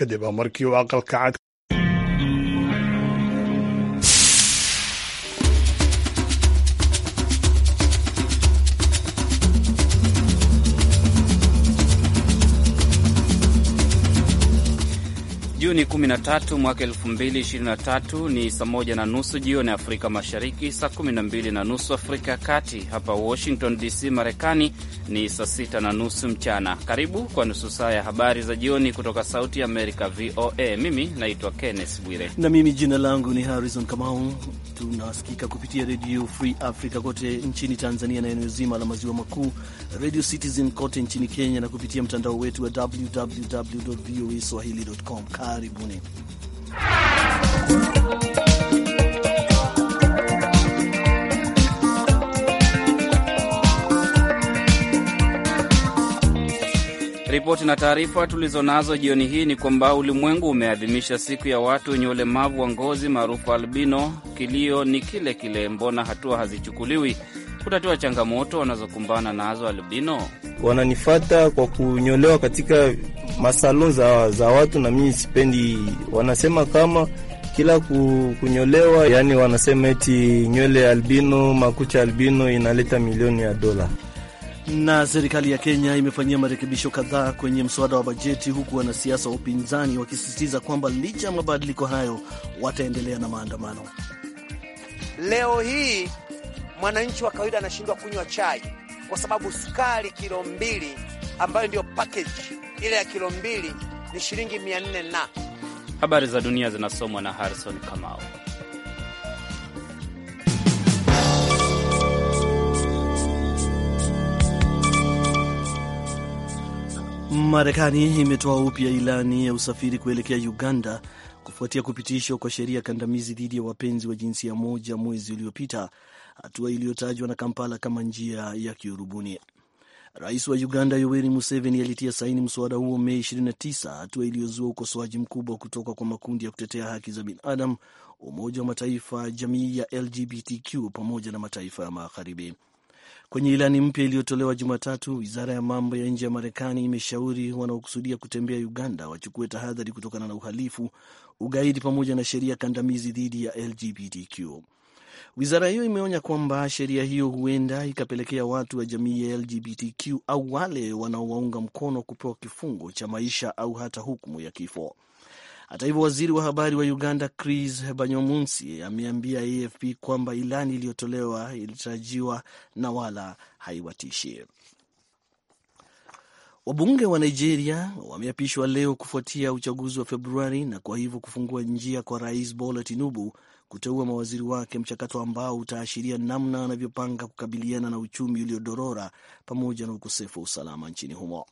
kadib markii uu aqalka cad Juni 13 mwaka 2023 ni saa moja na nusu jioni Afrika Mashariki, saa 12 na nusu Afrika ya Kati. Hapa Washington DC, Marekani ni saa sita na nusu mchana. Karibu kwa nusu saa ya habari za jioni kutoka Sauti ya Amerika, VOA. Mimi naitwa Kenneth Bwire na mimi jina langu ni Harrison Kamau. Tunasikika kupitia Redio Free Africa kote nchini Tanzania na eneo zima la maziwa makuu, Radio Citizen kote nchini Kenya na kupitia mtandao wetu wa www voa swahili.com. Karibuni. Ripoti na taarifa tulizo nazo jioni hii ni kwamba ulimwengu umeadhimisha siku ya watu wenye ulemavu wa ngozi maarufu albino. Kilio ni kile kile, mbona hatua hazichukuliwi? kutatua changamoto wanazokumbana nazo albino. Wananifata kwa kunyolewa katika masalon za, za watu na mimi sipendi. Wanasema kama kila kunyolewa, yani wanasema eti nywele albino, makucha albino inaleta milioni ya dola na serikali ya Kenya imefanyia marekebisho kadhaa kwenye mswada wa bajeti, huku wanasiasa wa upinzani wakisisitiza kwamba licha ya mabadiliko hayo wataendelea na maandamano. Leo hii mwananchi wa kawaida anashindwa kunywa chai kwa sababu sukari kilo mbili ambayo ndiyo package ile ya kilo mbili ni shilingi mia nne na habari za dunia zinasomwa na Harrison Kamau. Marekani imetoa upya ilani ya usafiri kuelekea Uganda kufuatia kupitishwa kwa sheria kandamizi dhidi ya wapenzi wa jinsia moja mwezi uliopita hatua iliyotajwa na Kampala kama njia ya kiurubuni. Rais wa Uganda Yoweri Museveni alitia saini mswada huo Mei 29, hatua iliyozua ukosoaji mkubwa kutoka kwa makundi ya kutetea haki za binadamu, Umoja wa Mataifa, jamii ya LGBTQ pamoja na mataifa ya Magharibi. Kwenye ilani mpya iliyotolewa Jumatatu, wizara ya mambo ya nje ya Marekani imeshauri wanaokusudia kutembea Uganda wachukue tahadhari kutokana na uhalifu, ugaidi pamoja na sheria kandamizi dhidi ya LGBTQ. Wizara hiyo imeonya kwamba sheria hiyo huenda ikapelekea watu wa jamii ya LGBTQ au wale wanaowaunga mkono kupewa kifungo cha maisha au hata hukumu ya kifo. Hata hivyo, waziri wa habari wa Uganda Chris Banyomunsi ameambia AFP kwamba ilani iliyotolewa ilitarajiwa na wala haiwatishi. Wabunge wa Nigeria wameapishwa leo kufuatia uchaguzi wa Februari na kwa hivyo kufungua njia kwa Rais Bola Tinubu kuteua mawaziri wake, mchakato ambao utaashiria namna anavyopanga kukabiliana na uchumi uliodorora pamoja na ukosefu wa usalama nchini humo.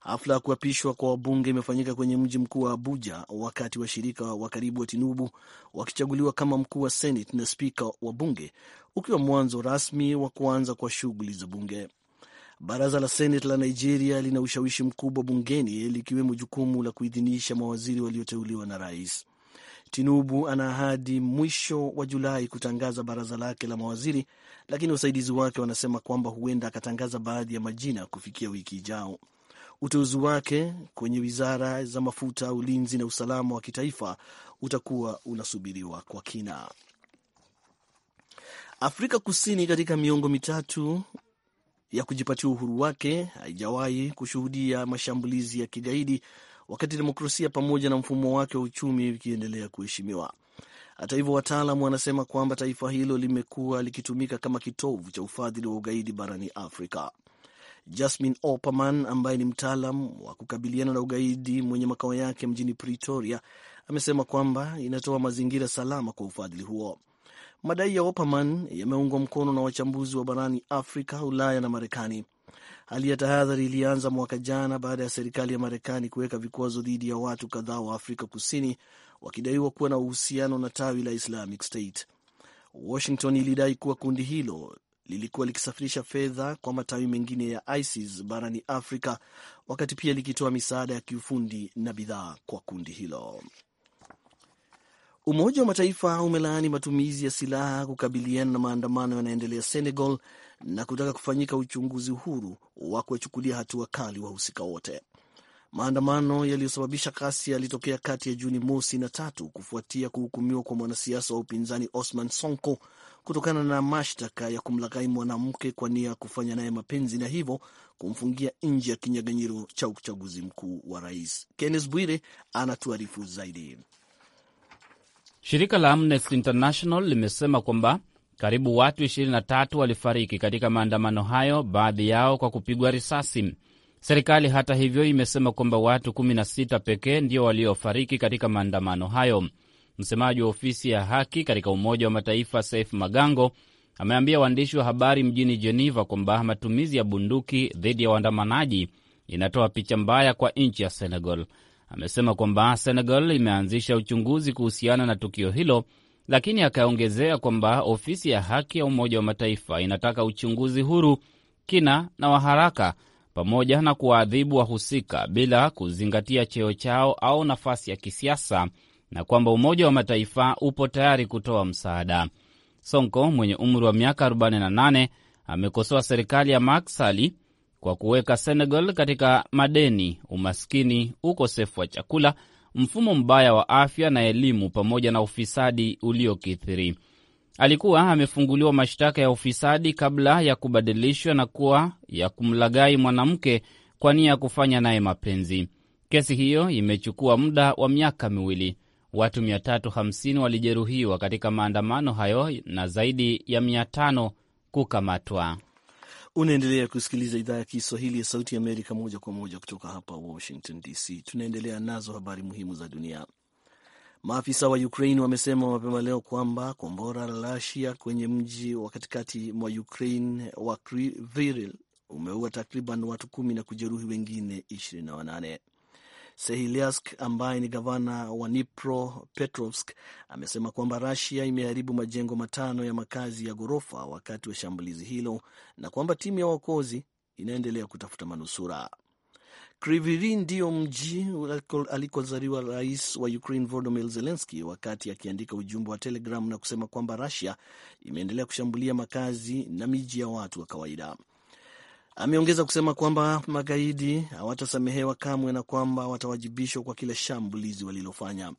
Hafla ya kuapishwa kwa wabunge imefanyika kwenye mji mkuu wa Abuja, wakati washirika wa karibu wa Tinubu wakichaguliwa kama mkuu wa Senate na spika wa bunge, ukiwa mwanzo rasmi wa kuanza kwa shughuli za bunge. Baraza la Senate la Nigeria lina ushawishi mkubwa bungeni, likiwemo jukumu la kuidhinisha mawaziri walioteuliwa na rais. Tinubu ana ahadi mwisho wa Julai kutangaza baraza lake la mawaziri, lakini wasaidizi wake wanasema kwamba huenda akatangaza baadhi ya majina kufikia wiki ijao. Uteuzi wake kwenye wizara za mafuta, ulinzi na usalama wa kitaifa utakuwa unasubiriwa kwa kina. Afrika Kusini katika miongo mitatu ya kujipatia uhuru wake haijawahi kushuhudia mashambulizi ya kigaidi wakati demokrasia pamoja na mfumo wake wa uchumi vikiendelea kuheshimiwa. Hata hivyo, wataalam wanasema kwamba taifa hilo limekuwa likitumika kama kitovu cha ufadhili wa ugaidi barani Afrika. jasmin operman ambaye ni mtaalam wa kukabiliana na ugaidi mwenye makao yake mjini Pretoria amesema kwamba inatoa mazingira salama kwa ufadhili huo. Madai ya operman yameungwa mkono na wachambuzi wa barani Afrika, Ulaya na Marekani Hali ya tahadhari ilianza mwaka jana baada ya serikali ya Marekani kuweka vikwazo dhidi ya watu kadhaa wa Afrika Kusini wakidaiwa kuwa na uhusiano na tawi la Islamic State. Washington ilidai kuwa kundi hilo lilikuwa likisafirisha fedha kwa matawi mengine ya ISIS barani Afrika, wakati pia likitoa misaada ya kiufundi na bidhaa kwa kundi hilo. Umoja wa Mataifa umelaani matumizi ya silaha kukabiliana na maandamano yanaendelea Senegal na kutaka kufanyika uchunguzi huru wa kuwachukulia hatua kali wahusika wote. Maandamano yaliyosababisha kasi yalitokea kati ya Juni mosi na tatu kufuatia kuhukumiwa kwa mwanasiasa wa upinzani Osman Sonko kutokana na mashtaka ya kumlaghai mwanamke kwa nia ya kufanya naye mapenzi na hivyo kumfungia nje ya kinyaganyiro cha uchaguzi mkuu wa rais. Kennes Bwire anatuarifu zaidi. Shirika la Amnesty International limesema kwamba karibu watu 23 walifariki katika maandamano hayo, baadhi yao kwa kupigwa risasi. Serikali hata hivyo imesema kwamba watu 16 pekee ndio waliofariki katika maandamano hayo. Msemaji wa ofisi ya haki katika Umoja wa Mataifa Saif Magango ameambia waandishi wa habari mjini jeneva kwamba matumizi ya bunduki dhidi ya waandamanaji inatoa picha mbaya kwa nchi ya Senegal. Amesema kwamba Senegal imeanzisha uchunguzi kuhusiana na tukio hilo lakini akaongezea kwamba ofisi ya haki ya Umoja wa Mataifa inataka uchunguzi huru, kina na wa haraka, pamoja na kuwaadhibu wahusika bila kuzingatia cheo chao au nafasi ya kisiasa, na kwamba Umoja wa Mataifa upo tayari kutoa msaada. Sonko mwenye umri wa miaka 48 amekosoa serikali ya Macky Sall kwa kuweka Senegal katika madeni, umaskini, ukosefu wa chakula mfumo mbaya wa afya na elimu, pamoja na ufisadi uliokithiri. Alikuwa amefunguliwa mashtaka ya ufisadi kabla ya kubadilishwa na kuwa ya kumlagai mwanamke kwa nia ya kufanya naye mapenzi. Kesi hiyo imechukua muda wa miaka miwili. Watu 350 walijeruhiwa katika maandamano hayo na zaidi ya 500 kukamatwa. Unaendelea kusikiliza idhaa ya Kiswahili ya Sauti ya Amerika moja kwa moja kutoka hapa Washington DC. Tunaendelea nazo habari muhimu za dunia. Maafisa wa Ukraine wamesema mapema leo kwamba kombora la Rusia kwenye mji wa katikati mwa Ukraine wa Kryvyi Rih umeua takriban watu kumi na kujeruhi wengine ishirini na wanane. Sehiliask ambaye ni gavana wa Nipro Petrovsk amesema kwamba rasia imeharibu majengo matano ya makazi ya ghorofa wakati wa shambulizi hilo na kwamba timu ya waokozi inaendelea kutafuta manusura. Kriviri ndiyo mji alikozaliwa rais wa Ukraine Volodymyr zelenski wakati akiandika ujumbe wa Telegram na kusema kwamba rasia imeendelea kushambulia makazi na miji ya watu wa kawaida. Ameongeza kusema kwamba magaidi hawatasamehewa kamwe na kwamba watawajibishwa kwa kila shambulizi walilofanya.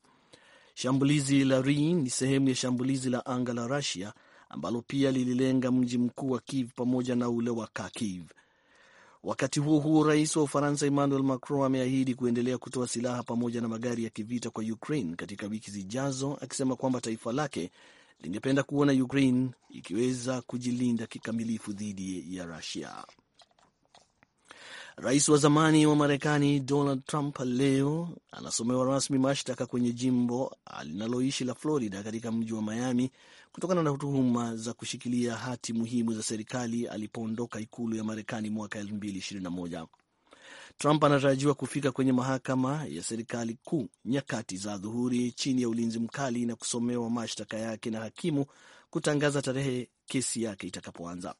Shambulizi la Ri ni sehemu ya shambulizi la anga la Rusia ambalo pia lililenga mji mkuu wa Kiev pamoja na ule wa Kharkiv. Wakati huo huo, rais wa Ufaransa Emmanuel Macron ameahidi kuendelea kutoa silaha pamoja na magari ya kivita kwa Ukraine katika wiki zijazo, akisema kwamba taifa lake lingependa kuona Ukraine ikiweza kujilinda kikamilifu dhidi ya Rusia. Rais wa zamani wa Marekani Donald Trump leo anasomewa rasmi mashtaka kwenye jimbo linaloishi la Florida katika mji wa Miami kutokana na tuhuma za kushikilia hati muhimu za serikali alipoondoka ikulu ya Marekani mwaka 2021. Trump anatarajiwa kufika kwenye mahakama ya serikali kuu nyakati za dhuhuri chini ya ulinzi mkali na kusomewa mashtaka yake na hakimu kutangaza tarehe kesi yake itakapoanza.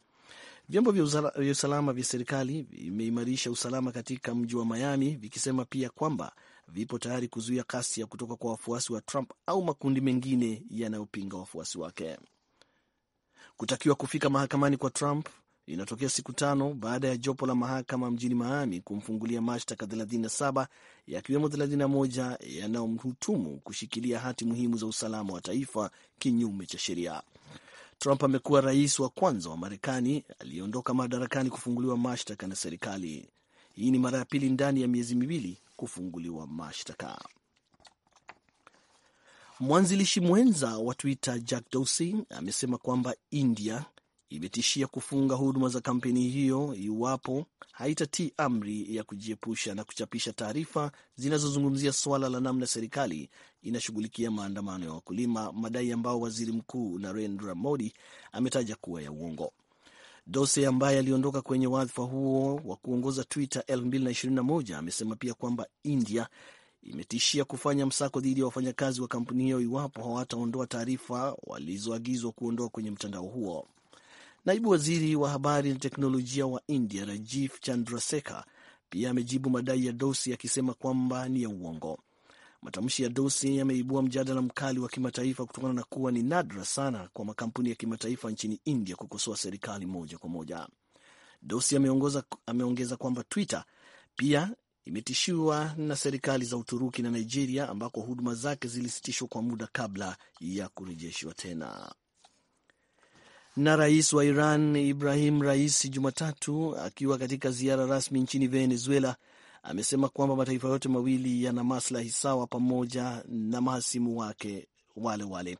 Vyombo vya usalama vya serikali vimeimarisha usalama katika mji wa Miami, vikisema pia kwamba vipo tayari kuzuia kasi ya kutoka kwa wafuasi wa Trump au makundi mengine yanayopinga wafuasi wake. Kutakiwa kufika mahakamani kwa Trump inatokea siku tano baada ya jopo la mahakama mjini Miami kumfungulia mashtaka 37 yakiwemo 31 yanayomhutumu kushikilia hati muhimu za usalama wa taifa kinyume cha sheria. Trump amekuwa rais wa kwanza wa Marekani aliyeondoka madarakani kufunguliwa mashtaka na serikali. Hii ni mara ya pili ndani ya miezi miwili kufunguliwa mashtaka. Mwanzilishi mwenza wa Twitter Jack Dorsey amesema kwamba India imetishia kufunga huduma za kampeni hiyo iwapo haitatii amri ya kujiepusha na kuchapisha taarifa zinazozungumzia suala la namna serikali inashughulikia maandamano ya wakulima, madai ambao waziri mkuu Narendra Modi ametaja kuwa ya uongo. Dose ambaye aliondoka kwenye wadhifa huo wa kuongoza Twitter 2021 amesema pia kwamba India imetishia kufanya msako dhidi ya wafanyakazi wa kampuni hiyo iwapo hawataondoa taarifa walizoagizwa kuondoa kwenye mtandao huo. Naibu waziri wa habari na teknolojia wa India Rajiv Chandrasekar pia amejibu madai ya Dosi akisema kwamba ni ya uongo. Matamshi ya Dosi yameibua mjadala mkali wa kimataifa kutokana na kuwa ni nadra sana kwa makampuni ya kimataifa nchini India kukosoa serikali moja kwa moja. Dosi ameongeza kwamba Twitter pia imetishiwa na serikali za Uturuki na Nigeria ambako huduma zake zilisitishwa kwa muda kabla ya kurejeshwa tena. Na rais wa Iran Ibrahim Raisi Jumatatu akiwa katika ziara rasmi nchini Venezuela amesema kwamba mataifa yote mawili yana maslahi sawa pamoja na mahasimu wake wale wale.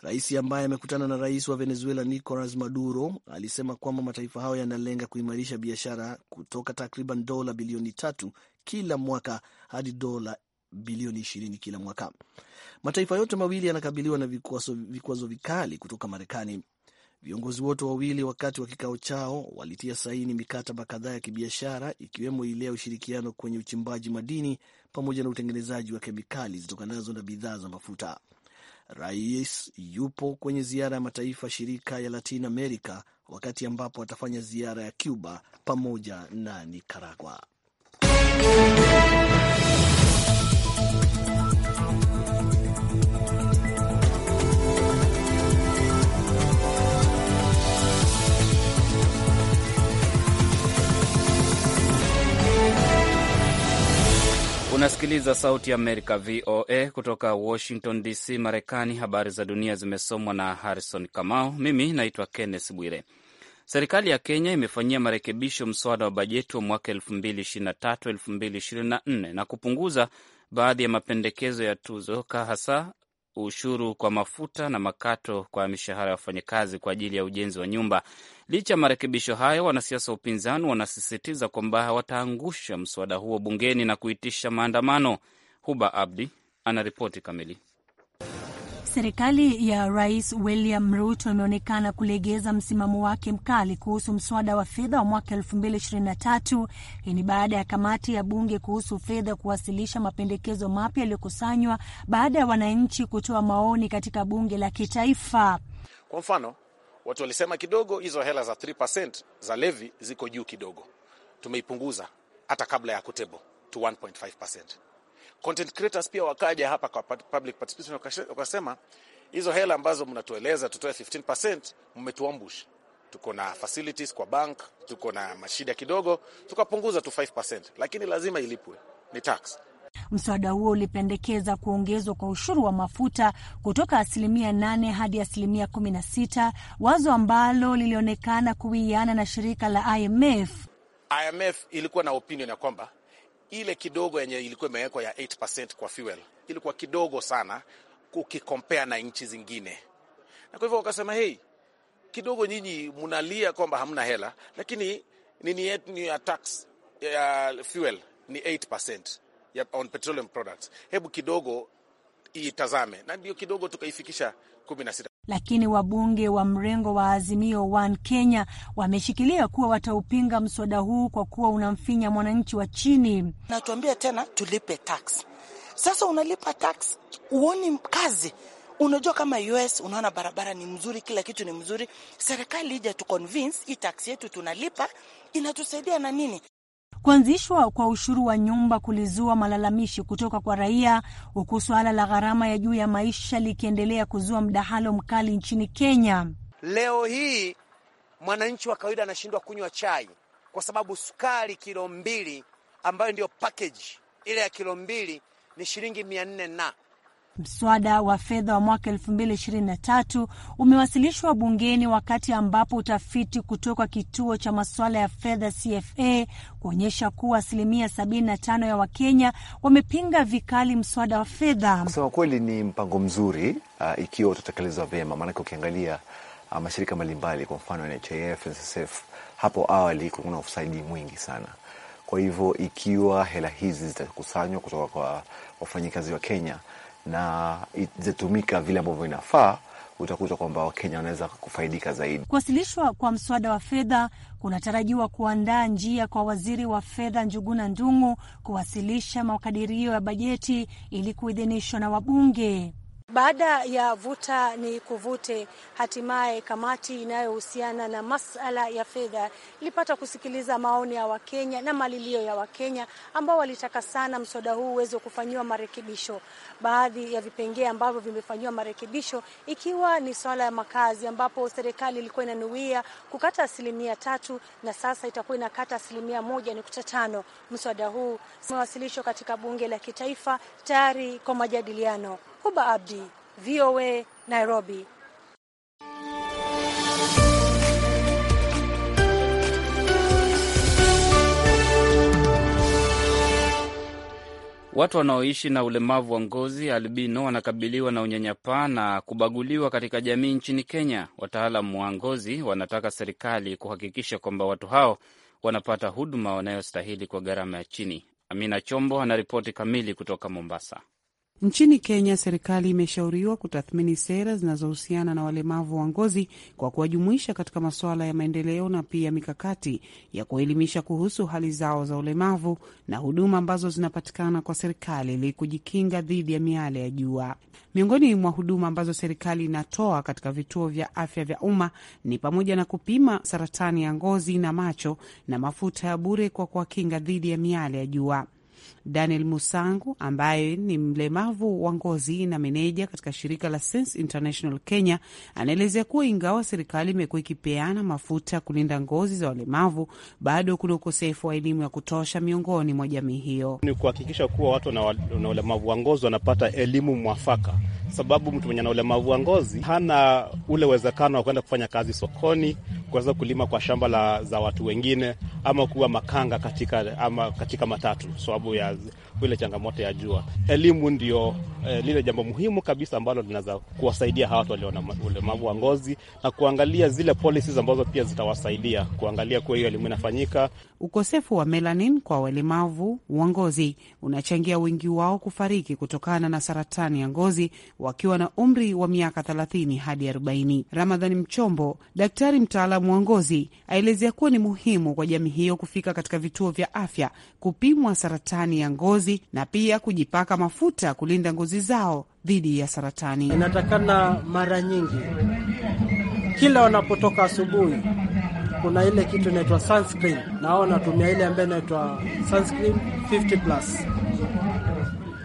Rais ambaye amekutana na rais wa Venezuela Nicolas Maduro alisema kwamba mataifa hayo yanalenga kuimarisha biashara kutoka takriban dola bilioni tatu kila mwaka hadi dola bilioni ishirini kila mwaka. Mataifa yote mawili yanakabiliwa na vikwazo vikali kutoka Marekani. Viongozi wote wawili wakati wa kikao chao walitia saini mikataba kadhaa ya kibiashara ikiwemo ile ya ushirikiano kwenye uchimbaji madini pamoja na utengenezaji wa kemikali zitokanazo na bidhaa za mafuta. Rais yupo kwenye ziara ya mataifa shirika ya Latin America wakati ambapo atafanya ziara ya Cuba pamoja na Nicaragua. Unasikiliza Sauti ya Amerika, VOA, kutoka Washington DC, Marekani. Habari za dunia zimesomwa na Harrison Kamau. Mimi naitwa kennes Bwire. Serikali ya Kenya imefanyia marekebisho mswada wa bajeti wa mwaka 2023/2024 na kupunguza baadhi ya mapendekezo ya tuzo hasa ushuru kwa mafuta na makato kwa mishahara ya wafanyakazi kwa ajili ya ujenzi wa nyumba. Licha ya marekebisho hayo, wanasiasa wa upinzani wanasisitiza kwamba wataangusha mswada huo bungeni na kuitisha maandamano. Huba Abdi anaripoti kamili. Serikali ya Rais William Ruto imeonekana kulegeza msimamo wake mkali kuhusu mswada wa fedha wa mwaka tatu. Hii ni baada ya kamati ya bunge kuhusu fedha kuwasilisha mapendekezo mapya yaliyokusanywa baada ya wananchi kutoa maoni katika bunge la kitaifa. Kwa mfano, watu walisema kidogo hizo hela za 3% za levi ziko juu kidogo, tumeipunguza hata kabla ya kutebo to 1.5%. Content creators pia wakaja hapa kwa public participation, wakasema hizo hela ambazo mnatueleza tutoe 15% mmetuambush. Tuko na facilities kwa bank, tuko na mashida kidogo, tukapunguza tu 5%, lakini lazima ilipwe, ni tax. Mswada huo ulipendekeza kuongezwa kwa ushuru wa mafuta kutoka asilimia nane hadi asilimia kumi na sita, wazo ambalo lilionekana kuwiana na shirika la IMF. IMF ilikuwa na opinion ya kwamba ile kidogo yenye ilikuwa imewekwa ya 8% kwa fuel ilikuwa kidogo sana ukikompea na nchi zingine, na kwa hivyo wakasema hei, kidogo nyinyi mnalia kwamba hamna hela, lakini nini yetu ni ya tax ya fuel ni 8% ya on petroleum products, hebu kidogo itazame, na ndio kidogo tukaifikisha 16 lakini wabunge wa mrengo wa Azimio One Kenya wameshikilia kuwa wataupinga mswada huu kwa kuwa unamfinya mwananchi wa chini. Natuambia tena tulipe tax. Sasa unalipa tax, uoni kazi Unajua, kama US unaona barabara ni mzuri, kila kitu ni mzuri, serikali ija tu convince hii tax yetu tunalipa inatusaidia na nini? Kuanzishwa kwa ushuru wa nyumba kulizua malalamishi kutoka kwa raia, huku suala la gharama ya juu ya maisha likiendelea kuzua mdahalo mkali nchini Kenya. Leo hii mwananchi wa kawaida anashindwa kunywa chai kwa sababu sukari kilo mbili ambayo ndiyo package ile ya kilo mbili ni shilingi mia nne na Mswada wa fedha wa mwaka tatu umewasilishwa bungeni wakati ambapo utafiti kutoka kituo cha masuala ya fedha CFA kuonyesha kuwa asilimia tano ya Wakenya wamepinga vikali mswada wa fedha. Kusema kweli ni mpango mzuri uh, ikiwa utatekelezwa vyema, maanake ukiangalia uh, mashirika mbalimbali kwa mfano NHIF, NSSF hapo awali kuna ufisadi mwingi sana. Kwa hivyo ikiwa hela hizi zitakusanywa kutoka kwa wafanyikazi wa Kenya na zitatumika vile ambavyo inafaa, utakuta kwamba Wakenya wanaweza kufaidika zaidi. Kuwasilishwa kwa mswada wa fedha kunatarajiwa kuandaa njia kwa waziri wa fedha Njuguna Ndung'u kuwasilisha makadirio ya bajeti ili kuidhinishwa na wabunge. Baada ya vuta ni kuvute, hatimaye kamati inayohusiana na masala ya fedha ilipata kusikiliza maoni ya Wakenya na malilio ya Wakenya ambao walitaka sana mswada huu uweze kufanyiwa marekebisho. Baadhi ya vipengee ambavyo vimefanyiwa marekebisho ikiwa ni swala ya makazi, ambapo serikali ilikuwa inanuia kukata asilimia tatu na sasa itakuwa inakata asilimia moja nukta tano. Mswada huu umewasilishwa katika bunge la kitaifa tayari kwa majadiliano. Huba Abdi, VOA, Nairobi. Watu wanaoishi na ulemavu wa ngozi albino wanakabiliwa na unyanyapaa na kubaguliwa katika jamii nchini Kenya. Wataalamu wa ngozi wanataka serikali kuhakikisha kwamba watu hao wanapata huduma wanayostahili kwa gharama ya chini. Amina Chombo anaripoti kamili kutoka Mombasa. Nchini Kenya, serikali imeshauriwa kutathmini sera zinazohusiana na walemavu wa ngozi kwa kuwajumuisha katika masuala ya maendeleo na pia mikakati ya kuelimisha kuhusu hali zao za ulemavu na huduma ambazo zinapatikana kwa serikali ili kujikinga dhidi ya miale ya jua. Miongoni mwa huduma ambazo serikali inatoa katika vituo vya afya vya umma ni pamoja na kupima saratani ya ngozi na macho na mafuta ya bure kwa kuwakinga dhidi ya miale ya jua. Daniel Musangu ambaye ni mlemavu wa ngozi na meneja katika shirika la Sense International Kenya anaelezea kuwa ingawa serikali imekuwa ikipeana mafuta kulinda ngozi za walemavu, bado kuna ukosefu wa elimu ya kutosha miongoni mwa jamii hiyo. Ni kuhakikisha kuwa watu na ulemavu wa ngozi wanapata elimu mwafaka, sababu mtu mwenye na ulemavu wa ngozi hana ule uwezekano wa kwenda kufanya kazi sokoni, kuweza kulima kwa shamba la, za watu wengine ama kuwa makanga katika, ama katika matatu sababu yangu kwa ile changamoto ya jua. Elimu ndio eh, lile jambo muhimu kabisa ambalo linaweza kuwasaidia hawa watu walio na ulemavu wa ngozi na kuangalia zile policies ambazo pia zitawasaidia kuangalia kuwa hiyo elimu inafanyika. Ukosefu wa melanin kwa walemavu wa ngozi unachangia wengi wao kufariki kutokana na saratani ya ngozi wakiwa na umri wa miaka 30 hadi 40. Ramadhani Mchombo, daktari mtaalamu wa ngozi, aelezea kuwa ni muhimu kwa jamii hiyo kufika katika vituo vya afya kupimwa saratani ya ngozi ngozi na pia kujipaka mafuta kulinda ngozi zao dhidi ya saratani. Inatakana mara nyingi, kila wanapotoka asubuhi, kuna ile kitu inaitwa sunscreen, na wao wanatumia ile ambayo inaitwa sunscreen 50 plus.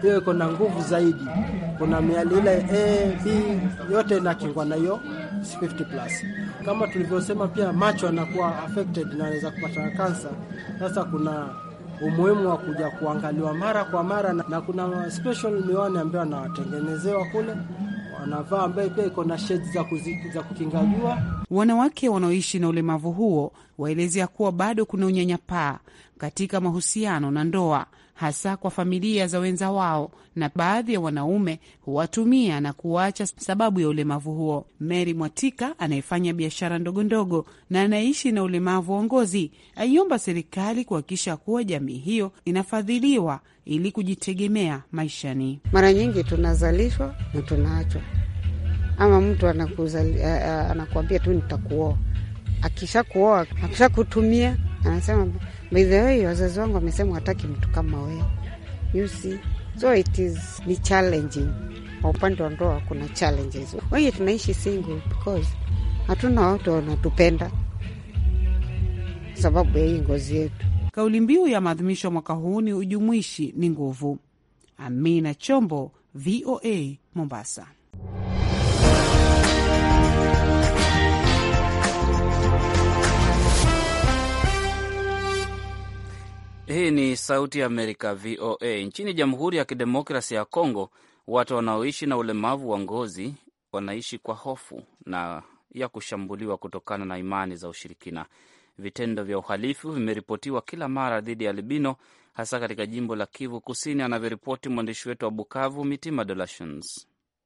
Hiyo iko na nguvu zaidi. Kuna miali ile A, B yote inakingwa na hiyo 50 plus. Kama tulivyosema, pia macho anakuwa affected na anaweza kupata kansa. Sasa kuna umuhimu wa kuja kuangaliwa mara kwa mara, na kuna special miwani ambayo anawatengenezewa kule wanavaa, ambayo pia iko na shedi za, za kukinga jua. Wanawake wanaoishi na ulemavu huo waelezea kuwa bado kuna unyanyapaa katika mahusiano na ndoa hasa kwa familia za wenza wao, na baadhi ya wanaume huwatumia na kuwacha sababu ya ulemavu huo. Mary Mwatika anayefanya biashara ndogondogo na anaishi na ulemavu wa ngozi aiomba serikali kuhakikisha kuwa jamii hiyo inafadhiliwa ili kujitegemea maishani. Mara nyingi tunazalishwa na tunaachwa, ama mtu eh, eh, anakuambia tu nitakuoa, akishakuoa akishakutumia anasema By the way, wazazi wangu wamesema wataki mtu kama wewe. You see? So it is ni challenging. Kwa upande wa ndoa kuna challenges. Wengi tunaishi single because hatuna watu wanatupenda sababu ya hii ngozi yetu. Kauli mbiu ya maadhimisho mwaka huu ni ujumuishi ni nguvu. Amina Chombo, VOA, Mombasa. Hii ni Sauti ya Amerika, VOA. Nchini Jamhuri ya Kidemokrasi ya Kongo, watu wanaoishi na ulemavu wa ngozi wanaishi kwa hofu na ya kushambuliwa kutokana na imani za ushirikina. Vitendo vya uhalifu vimeripotiwa kila mara dhidi ya albino, hasa katika jimbo la Kivu Kusini, anavyoripoti mwandishi wetu wa Bukavu, Mitima De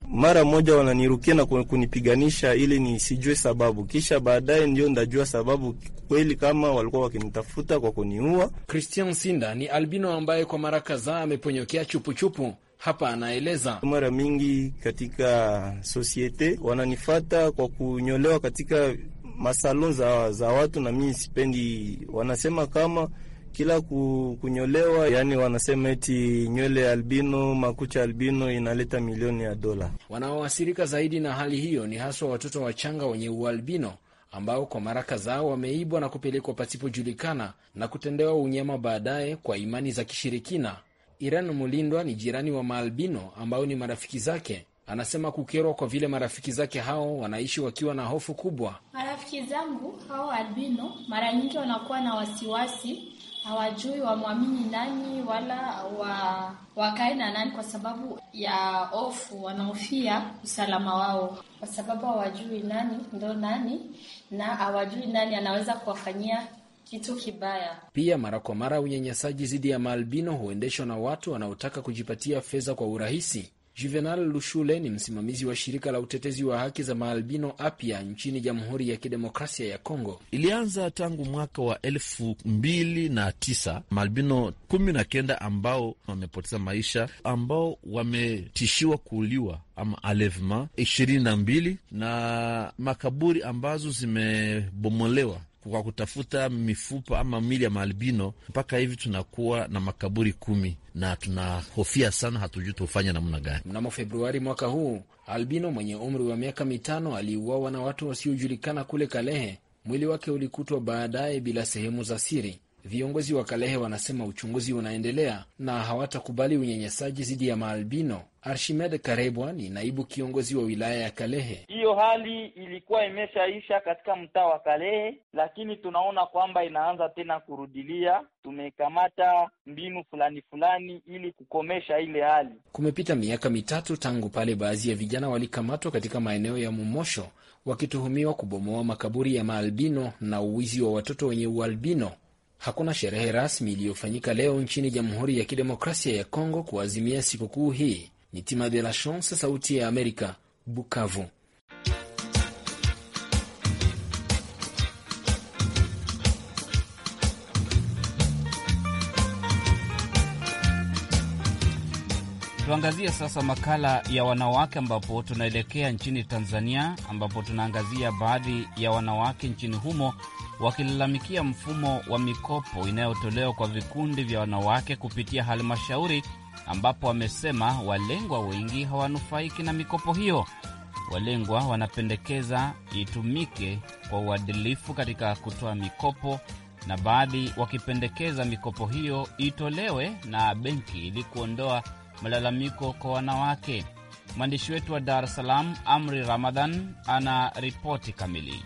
mara moja wananirukia na kunipiganisha ili nisijue sababu, kisha baadaye ndio ndajua sababu kweli kama walikuwa wakinitafuta kwa kuniua. Christian Sinda ni albino ambaye kwa mara kadhaa ameponyokea chupuchupu. Hapa anaeleza mara mingi katika sosiete wananifata kwa kunyolewa katika masalon za, za watu, na mimi sipendi. Wanasema kama kila kunyolewa, yani wanasema eti nywele albino, makucha albino inaleta milioni ya dola. Wanaoathirika zaidi na hali hiyo ni haswa watoto wachanga wenye ualbino ambao kwa maraka zao wameibwa na kupelekwa pasipojulikana na kutendewa unyama baadaye kwa imani za kishirikina. Iran Mulindwa ni jirani wa maalbino ambao ni marafiki zake. Anasema kukerwa kwa vile marafiki zake hao wanaishi wakiwa na hofu kubwa. Marafiki zangu hao albino mara nyingi wanakuwa na wasiwasi hawajui wamwamini nani wala wa, wakae na nani, kwa sababu ya hofu, wanaofia usalama wao, kwa sababu hawajui nani ndo nani na hawajui nani anaweza kuwafanyia kitu kibaya. Pia mara kwa mara unyanyasaji dhidi ya maalbino huendeshwa na watu wanaotaka kujipatia fedha kwa urahisi Juvenal Lushule ni msimamizi wa shirika la utetezi wa haki za maalbino Apia nchini Jamhuri ya Kidemokrasia ya Kongo. Ilianza tangu mwaka wa elfu mbili na tisa maalbino kumi na kenda ambao wamepoteza maisha, ambao wametishiwa kuuliwa ama alevma ishirini na mbili na makaburi ambazo zimebomolewa kwa kutafuta mifupa ama mili ya maalbino. Mpaka hivi tunakuwa na makaburi kumi na tunahofia sana, hatujui tufanya namna gani. Mnamo Februari mwaka huu albino mwenye umri wa miaka mitano aliuawa na watu wasiojulikana kule Kalehe. Mwili wake ulikutwa baadaye bila sehemu za siri. Viongozi wa Kalehe wanasema uchunguzi unaendelea na hawatakubali unyanyasaji dhidi ya maalbino. Archimed Karebwa ni naibu kiongozi wa wilaya ya Kalehe. Hiyo hali ilikuwa imeshaisha katika mtaa wa Kalehe, lakini tunaona kwamba inaanza tena kurudilia. Tumekamata mbinu fulani fulani ili kukomesha ile hali. Kumepita miaka mitatu tangu pale baadhi ya vijana walikamatwa katika maeneo ya Momosho wakituhumiwa kubomoa makaburi ya maalbino na uwizi wa watoto wenye ualbino. Hakuna sherehe rasmi iliyofanyika leo nchini Jamhuri ya Kidemokrasia ya Kongo kuazimia sikukuu hii. Mitima de la Chance, Sauti ya Amerika, Bukavu. Tuangazie sasa makala ya wanawake, ambapo tunaelekea nchini Tanzania, ambapo tunaangazia baadhi ya wanawake nchini humo wakilalamikia mfumo wa mikopo inayotolewa kwa vikundi vya wanawake kupitia halmashauri ambapo wamesema walengwa wengi hawanufaiki na mikopo hiyo. Walengwa wanapendekeza itumike kwa uadilifu katika kutoa mikopo, na baadhi wakipendekeza mikopo hiyo itolewe na benki ili kuondoa malalamiko kwa wanawake. Mwandishi wetu wa Dar es Salaam, Amri Ramadhan, ana ripoti kamili.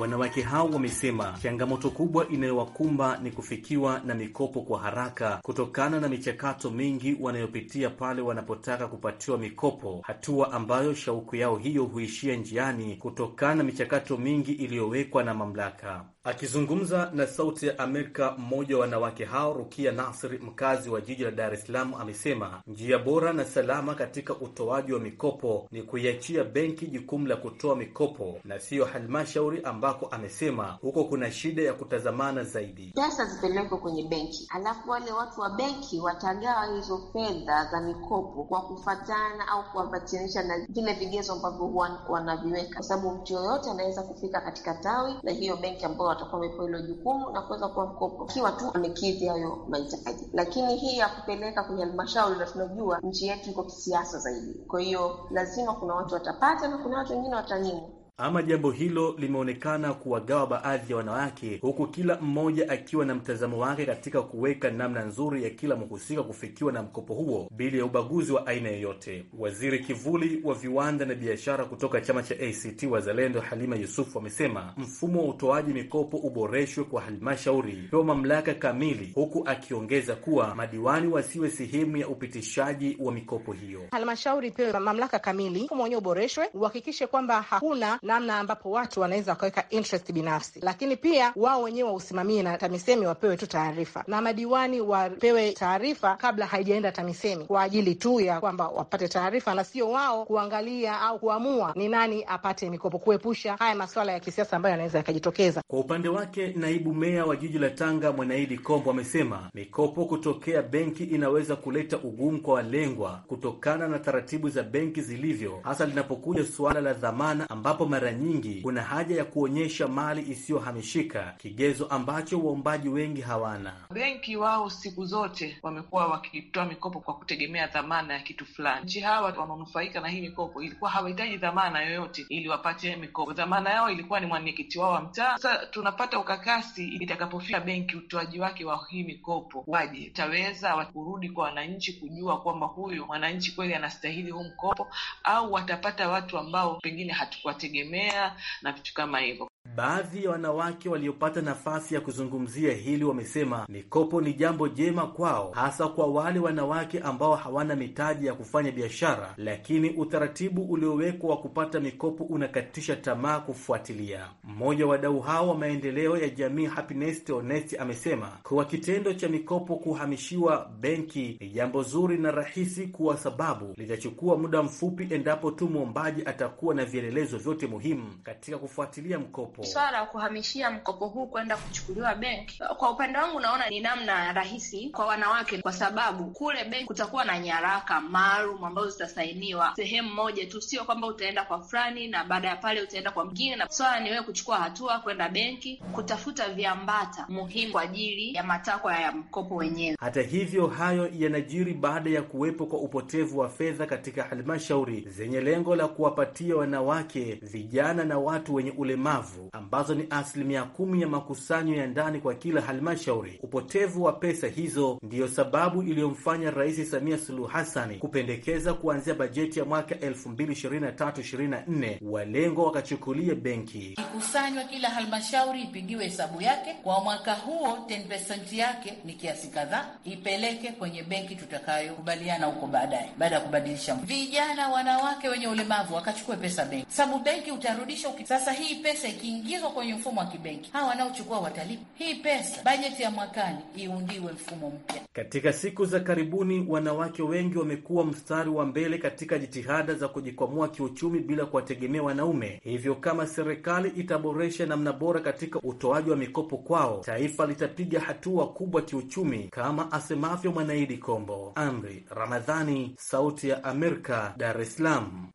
Wanawake hao wamesema changamoto kubwa inayowakumba ni kufikiwa na mikopo kwa haraka kutokana na michakato mingi wanayopitia pale wanapotaka kupatiwa mikopo, hatua ambayo shauku yao hiyo huishia njiani kutokana na michakato mingi iliyowekwa na mamlaka. Akizungumza na Sauti ya Amerika, mmoja wa wanawake hao, Rukia Nasri, mkazi wa jiji la Dar es Salaam, amesema njia bora na salama katika utoaji wa mikopo ni kuiachia benki jukumu la kutoa mikopo na siyo halmashauri, ambako amesema huko kuna shida ya kutazamana zaidi. Pesa zipelekwe kwenye benki, alafu wale watu wa benki watagawa hizo fedha za mikopo kwa kufatana au kuambatanisha na vile vigezo ambavyo wanaviweka, kwa sababu mtu yoyote anaweza kufika katika tawi la hiyo benki ambayo watakuwa wamepewa hilo jukumu na kuweza kuwa mkopo ikiwa tu amekidhi hayo mahitaji. Lakini hii ya kupeleka kwenye halmashauri, na tunajua nchi yetu iko kisiasa zaidi, kwa hiyo lazima kuna watu watapata na kuna watu wengine watanyimwa ama jambo hilo limeonekana kuwagawa baadhi ya wanawake, huku kila mmoja akiwa na mtazamo wake katika kuweka namna nzuri ya kila mhusika kufikiwa na mkopo huo bila ya ubaguzi wa aina yoyote. Waziri kivuli wa viwanda na biashara kutoka chama cha ACT Wazalendo, Halima Yusufu, amesema mfumo wa utoaji mikopo uboreshwe kwa halmashauri pewa mamlaka kamili, huku akiongeza kuwa madiwani wasiwe sehemu ya upitishaji wa mikopo hiyo. Halmashauri pewe mamlaka kamili, mfumo wenyewe uboreshwe, uhakikishe kwamba hakuna namna ambapo watu wanaweza wakaweka interest binafsi, lakini pia wao wenyewe wausimamie na TAMISEMI wapewe tu taarifa na madiwani wapewe taarifa kabla haijaenda TAMISEMI kwa ajili tu ya kwamba wapate taarifa na sio wao kuangalia au kuamua ni nani apate mikopo, kuepusha haya masuala ya kisiasa ambayo yanaweza yakajitokeza. Kwa upande wake, naibu meya wa jiji la Tanga Mwanaidi Kombo amesema mikopo kutokea benki inaweza kuleta ugumu kwa walengwa kutokana na taratibu za benki zilivyo, hasa linapokuja suala la dhamana ambapo mara nyingi kuna haja ya kuonyesha mali isiyohamishika, kigezo ambacho waombaji wengi hawana. Benki wao siku zote wamekuwa wakitoa mikopo kwa kutegemea dhamana ya kitu fulani. Nchi hawa wanaonufaika na hii mikopo ilikuwa hawahitaji dhamana yoyote ili wapate mikopo. Dhamana yao ilikuwa ni mwenyekiti wao wa mtaa. Sasa tunapata ukakasi itakapofika benki utoaji wake wa hii mikopo, waje taweza kurudi kwa wananchi kujua kwamba huyu mwananchi kweli anastahili huu mkopo, au watapata watu ambao pengine hatukuwategemea Crimea, na Pt Camargo Baadhi ya wanawake waliopata nafasi ya kuzungumzia hili wamesema mikopo ni jambo jema kwao, hasa kwa wale wanawake ambao hawana mitaji ya kufanya biashara, lakini utaratibu uliowekwa wa kupata mikopo unakatisha tamaa kufuatilia. Mmoja wa wadau hao wa maendeleo ya jamii, Happiness Honest, amesema kuwa kitendo cha mikopo kuhamishiwa benki ni jambo zuri na rahisi, kwa sababu litachukua muda mfupi endapo tu mwombaji atakuwa na vielelezo vyote muhimu katika kufuatilia mkopo mkopo. Swala la kuhamishia mkopo huu kwenda kuchukuliwa benki, kwa upande wangu naona ni namna rahisi kwa wanawake, kwa sababu kule benki kutakuwa na nyaraka maalum ambazo zitasainiwa sehemu moja tu, sio kwamba utaenda kwa fulani na baada ya pale utaenda kwa mgine, na swala ni wewe kuchukua hatua kwenda benki kutafuta viambata muhimu kwa ajili ya matakwa ya mkopo wenyewe. Hata hivyo, hayo yanajiri baada ya kuwepo kwa upotevu wa fedha katika halmashauri zenye lengo la kuwapatia wanawake, vijana na watu wenye ulemavu ambazo ni asilimia kumi ya makusanyo ya ndani kwa kila halmashauri. Upotevu wa pesa hizo ndiyo sababu iliyomfanya Rais Samia Suluhu hasani kupendekeza kuanzia bajeti ya mwaka 2023/24 walengo wakachukulia benki ikusanywa, kila halmashauri ipigiwe hesabu yake kwa mwaka huo, 10% yake ni kiasi kadhaa, ipeleke kwenye benki tutakayokubaliana huko baadaye, baada ya kubadilisha. Vijana wanawake wenye ulemavu wakachukue pesa benki, sababu benki utarudisha. Sasa hii pesa iki ikiingizwa kwenye mfumo wa kibenki, hawa wanaochukua watalipa hii pesa. Bajeti ya mwakani iundiwe mfumo mpya. Katika siku za karibuni, wanawake wengi wamekuwa mstari wa mbele katika jitihada za kujikwamua kiuchumi bila kuwategemea wanaume. Hivyo kama serikali itaboresha namna bora katika utoaji wa mikopo kwao, taifa litapiga hatua kubwa kiuchumi, kama asemavyo Mwanaidi Kombo. Amri Ramadhani, Sauti ya Amerika, Dar es Salaam.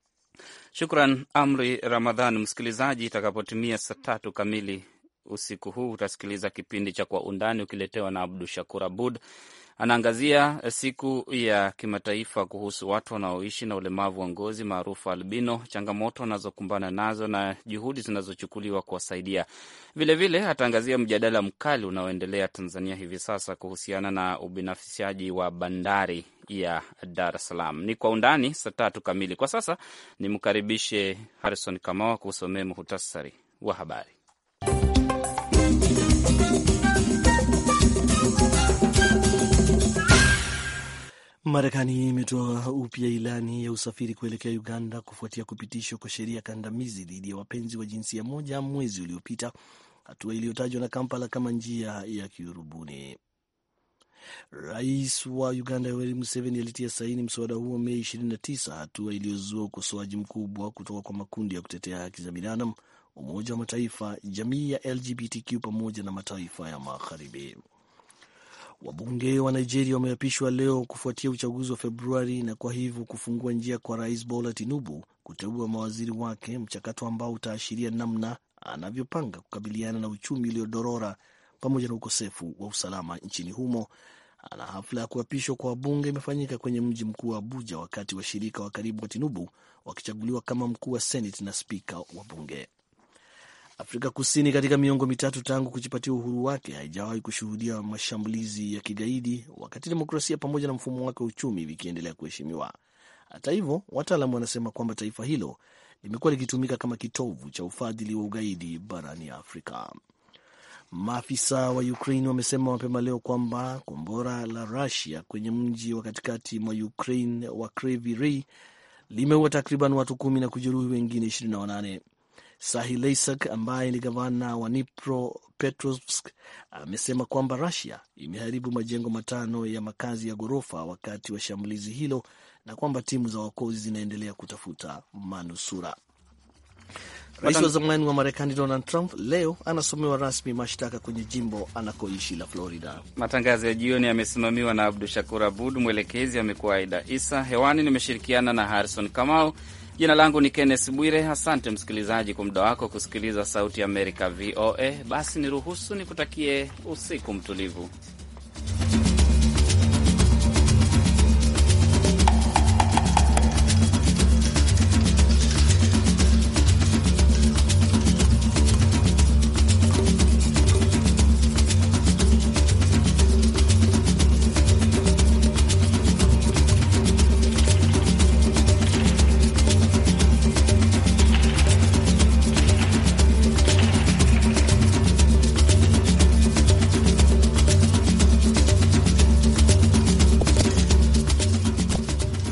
Shukran Amri Ramadhan. Msikilizaji, itakapotimia saa tatu kamili usiku huu utasikiliza kipindi cha Kwa Undani ukiletewa na Abdu Shakur Abud. Anaangazia eh, siku ya kimataifa kuhusu watu wanaoishi na ulemavu wa ngozi maarufu albino, changamoto wanazokumbana nazo na juhudi zinazochukuliwa kuwasaidia. Vilevile ataangazia mjadala mkali unaoendelea Tanzania hivi sasa kuhusiana na ubinafsishaji wa bandari ya Dar es Salaam. Ni kwa undani saa tatu kamili. Kwa sasa nimkaribishe Harrison Kamau kusomea muhtasari wa habari. Marekani imetoa upya ilani ya usafiri kuelekea Uganda kufuatia kupitishwa kwa sheria kandamizi dhidi ya wapenzi wa jinsia moja mwezi uliopita, hatua iliyotajwa na Kampala kama njia ya kiurubuni. Rais wa Uganda Yoweri Museveni alitia saini mswada huo Mei 29, hatua iliyozua ukosoaji mkubwa kutoka kwa makundi ya kutetea haki za binadamu, Umoja wa Mataifa, jamii ya LGBTQ pamoja na mataifa ya Magharibi. Wabunge wa Nigeria wameapishwa leo kufuatia uchaguzi wa Februari na kwa hivyo kufungua njia kwa Rais Bola Tinubu kuteua mawaziri wake, mchakato ambao utaashiria namna anavyopanga kukabiliana na uchumi uliodorora pamoja na ukosefu wa usalama nchini humo. Na hafla ya kuapishwa kwa wabunge imefanyika kwenye mji mkuu wa Abuja, wakati washirika wa karibu wa Tinubu wakichaguliwa kama mkuu wa senat na spika wa bunge. Afrika Kusini katika miongo mitatu tangu kujipatia uhuru wake haijawahi kushuhudia mashambulizi ya kigaidi, wakati demokrasia pamoja na mfumo wake wa uchumi vikiendelea kuheshimiwa. Hata hivyo, wataalamu wanasema kwamba taifa hilo limekuwa likitumika kama kitovu cha ufadhili wa ugaidi barani Afrika. Maafisa wa Ukraine wamesema mapema leo kwamba kombora la Rusia kwenye mji wa katikati mwa Ukraine wa Kryvyi Rih limeua takriban watu kumi na kujeruhi wengine wanane. Sahileisak ambaye ni gavana wa nipro Petrovsk amesema kwamba rasia imeharibu majengo matano ya makazi ya ghorofa wakati wa shambulizi hilo na kwamba timu za wakozi zinaendelea kutafuta manusura. Rais wa zamani wa Marekani Donald Trump leo anasomewa rasmi mashtaka kwenye jimbo anakoishi la Florida. Matangazo ya jioni yamesimamiwa na Abdu Shakur Abud, mwelekezi amekuwa Aida Isa. Hewani nimeshirikiana na Harrison Kamau. Jina langu ni Kenneth Bwire. Asante msikilizaji kwa muda wako kusikiliza Sauti ya Amerika, VOA. Basi niruhusu nikutakie usiku mtulivu.